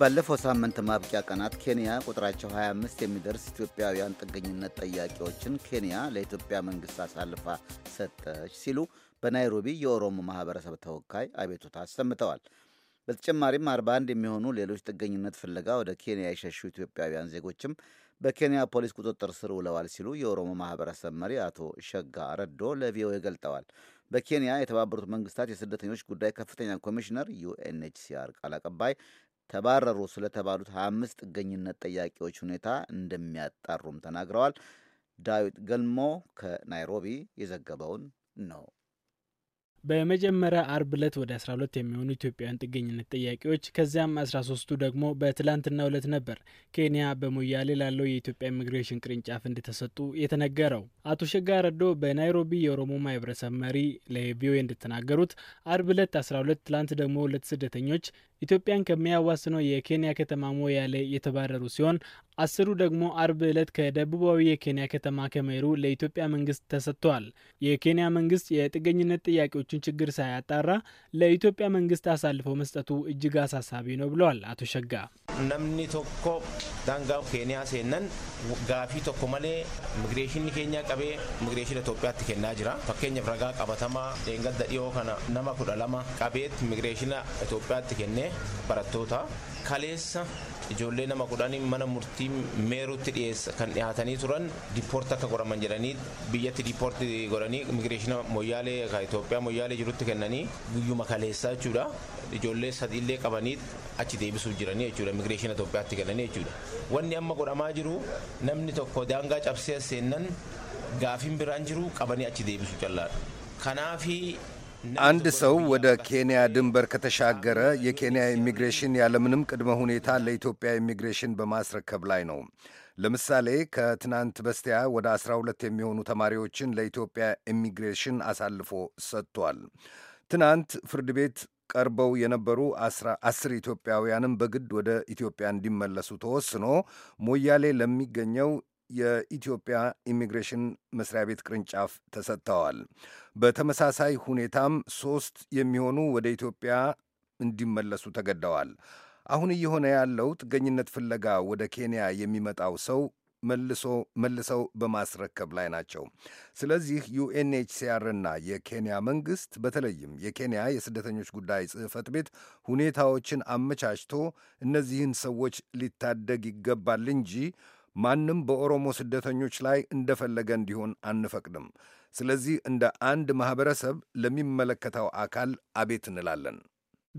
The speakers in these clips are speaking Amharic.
ባለፈው ሳምንት ማብቂያ ቀናት ኬንያ ቁጥራቸው 25 የሚደርስ ኢትዮጵያውያን ጥገኝነት ጠያቂዎችን ኬንያ ለኢትዮጵያ መንግስት አሳልፋ ሰጠች ሲሉ በናይሮቢ የኦሮሞ ማህበረሰብ ተወካይ አቤቱታ አሰምተዋል። በተጨማሪም 41 የሚሆኑ ሌሎች ጥገኝነት ፍለጋ ወደ ኬንያ የሸሹ ኢትዮጵያውያን ዜጎችም በኬንያ ፖሊስ ቁጥጥር ስር ውለዋል ሲሉ የኦሮሞ ማህበረሰብ መሪ አቶ ሸጋ ረዶ ለቪኦኤ ገልጠዋል። በኬንያ የተባበሩት መንግስታት የስደተኞች ጉዳይ ከፍተኛ ኮሚሽነር ዩኤንኤችሲአር ቃል አቀባይ ተባረሩ ስለተባሉት 25 ጥገኝነት ጠያቂዎች ሁኔታ እንደሚያጣሩም ተናግረዋል። ዳዊት ገልሞ ከናይሮቢ የዘገበውን ነው። በመጀመሪያ አርብ ለት ወደ 12 የሚሆኑ ኢትዮጵያውያን ጥገኝነት ጥያቄዎች ከዚያም 13ቱ ደግሞ በትላንትና ሁለት ነበር ኬንያ በሞያሌ ላለው የኢትዮጵያ ኢሚግሬሽን ቅርንጫፍ እንደተሰጡ የተነገረው። አቶ ሸጋ ረዶ በናይሮቢ የኦሮሞ ማህበረሰብ መሪ ለቪኦኤ እንደተናገሩት አርብ እለት 12 ትላንት ደግሞ ሁለት ስደተኞች ኢትዮጵያን ከሚያዋስነው የኬንያ ከተማ ሞያሌ የተባረሩ ሲሆን አስሩ ደግሞ አርብ ዕለት ከደቡባዊ የኬንያ ከተማ ከሜሩ ለኢትዮጵያ መንግስት ተሰጥተዋል። የኬንያ መንግስት የጥገኝነት ጥያቄዎችን ችግር ሳያጣራ ለኢትዮጵያ መንግስት አሳልፎ መስጠቱ እጅግ አሳሳቢ ነው ብለዋል አቶ ሸጋ። ነምኒ ቶኮ ዳንጋው ኬንያ ሴነን ጋፊ ቶኮ መሌ ሚግሬሽን ኬንያ ቀቤ ሚግሬሽን ኢትዮጵያት ኬንያ ጅራ ፈኬኝ ፍረጋ ቀበተማ ደንገት ደዲዮ ከና ነማ ኩዳላማ ቀቤት ሚግሬሽን ኢትዮጵያት ኬኔ በረቶታ ከሌሳ ijoollee nama kudhanii mana murtii meerutti dhiyeessa kan dhiyaatanii turan diipoorti akka goraman jedhanii biyyatti diipoorti godhanii imigireeshina moyyaalee Itoophiyaa moyyaalee jirutti kennanii guyyuma kaleessaa jechuudha ijoollee sadiillee qabanii achi deebisuuf jiranii jechuudha imigireeshina Itoophiyaatti kennanii jechuudha wanni amma godhamaa jiru namni tokko daangaa cabsee seennan gaafiin biraan jiru qabanii achi deebisuu callaadha kanaafi አንድ ሰው ወደ ኬንያ ድንበር ከተሻገረ የኬንያ ኢሚግሬሽን ያለምንም ቅድመ ሁኔታ ለኢትዮጵያ ኢሚግሬሽን በማስረከብ ላይ ነው። ለምሳሌ ከትናንት በስቲያ ወደ 12 የሚሆኑ ተማሪዎችን ለኢትዮጵያ ኢሚግሬሽን አሳልፎ ሰጥቷል። ትናንት ፍርድ ቤት ቀርበው የነበሩ አስር ኢትዮጵያውያንም በግድ ወደ ኢትዮጵያ እንዲመለሱ ተወስኖ ሞያሌ ለሚገኘው የኢትዮጵያ ኢሚግሬሽን መስሪያ ቤት ቅርንጫፍ ተሰጥተዋል። በተመሳሳይ ሁኔታም ሶስት የሚሆኑ ወደ ኢትዮጵያ እንዲመለሱ ተገደዋል። አሁን እየሆነ ያለው ጥገኝነት ፍለጋ ወደ ኬንያ የሚመጣው ሰው መልሶ መልሰው በማስረከብ ላይ ናቸው። ስለዚህ ዩኤንኤችሲአርና የኬንያ መንግስት በተለይም የኬንያ የስደተኞች ጉዳይ ጽህፈት ቤት ሁኔታዎችን አመቻችቶ እነዚህን ሰዎች ሊታደግ ይገባል እንጂ ማንም በኦሮሞ ስደተኞች ላይ እንደፈለገ እንዲሆን አንፈቅድም። ስለዚህ እንደ አንድ ማኅበረሰብ ለሚመለከተው አካል አቤት እንላለን።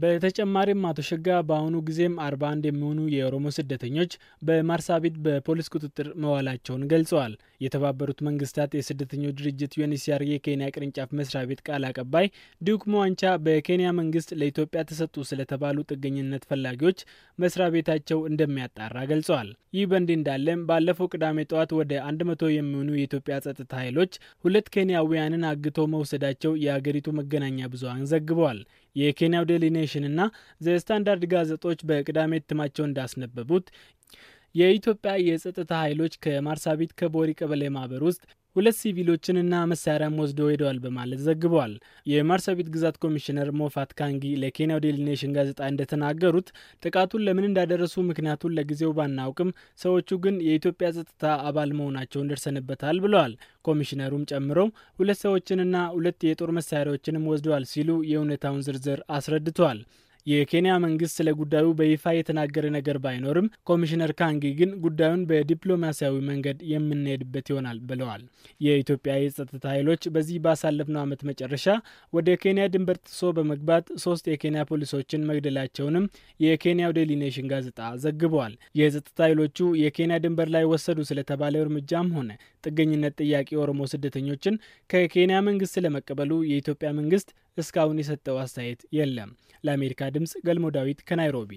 በተጨማሪም አቶ ሸጋ በአሁኑ ጊዜም አርባ አንድ የሚሆኑ የኦሮሞ ስደተኞች በማርሳቢት በፖሊስ ቁጥጥር መዋላቸውን ገልጸዋል። የተባበሩት መንግስታት የስደተኞች ድርጅት ዩኤንኤችሲአር የኬንያ ቅርንጫፍ መስሪያ ቤት ቃል አቀባይ ዲዩክ መዋንቻ በኬንያ መንግስት ለኢትዮጵያ ተሰጡ ስለተባሉ ጥገኝነት ፈላጊዎች መስሪያ ቤታቸው እንደሚያጣራ ገልጸዋል። ይህ በእንዲህ እንዳለም ባለፈው ቅዳሜ ጠዋት ወደ አንድ መቶ የሚሆኑ የኢትዮጵያ ጸጥታ ኃይሎች ሁለት ኬንያውያንን አግቶ መውሰዳቸው የአገሪቱ መገናኛ ብዙሃን ዘግበዋል። የኬንያው ዴሊ ኔሽን እና ዘ ስታንዳርድ ጋዜጦች በቅዳሜ እትማቸው እንዳስነበቡት የኢትዮጵያ የጸጥታ ኃይሎች ከማርሳቢት ከቦሪ ቀበሌ ማህበር ውስጥ ሁለት ሲቪሎችንና መሳሪያም ወስዶ ሄደዋል በማለት ዘግበዋል። የማርሳቢት ግዛት ኮሚሽነር ሞፋት ካንጊ ለኬንያው ዴሊ ኔሽን ጋዜጣ እንደተናገሩት ጥቃቱን ለምን እንዳደረሱ ምክንያቱን ለጊዜው ባናውቅም፣ ሰዎቹ ግን የኢትዮጵያ ጸጥታ አባል መሆናቸውን ደርሰንበታል ብለዋል። ኮሚሽነሩም ጨምሮ ሁለት ሰዎችንና ሁለት የጦር መሳሪያዎችንም ወስደዋል ሲሉ የእውነታውን ዝርዝር አስረድተዋል። የኬንያ መንግስት ስለ ጉዳዩ በይፋ የተናገረ ነገር ባይኖርም ኮሚሽነር ካንጊ ግን ጉዳዩን በዲፕሎማሲያዊ መንገድ የምንሄድበት ይሆናል ብለዋል። የኢትዮጵያ የጸጥታ ኃይሎች በዚህ ባሳለፍነው ዓመት መጨረሻ ወደ ኬንያ ድንበር ጥሶ በመግባት ሶስት የኬንያ ፖሊሶችን መግደላቸውንም የኬንያው ዴሊ ኔሽን ጋዜጣ ዘግበዋል። የጸጥታ ኃይሎቹ የኬንያ ድንበር ላይ ወሰዱ ስለተባለው እርምጃም ሆነ ጥገኝነት ጥያቄ ኦሮሞ ስደተኞችን ከኬንያ መንግስት ስለመቀበሉ የኢትዮጵያ መንግስት እስካሁን የሰጠው አስተያየት የለም። ለአሜሪካ ድምፅ ገልሞ ዳዊት ከናይሮቢ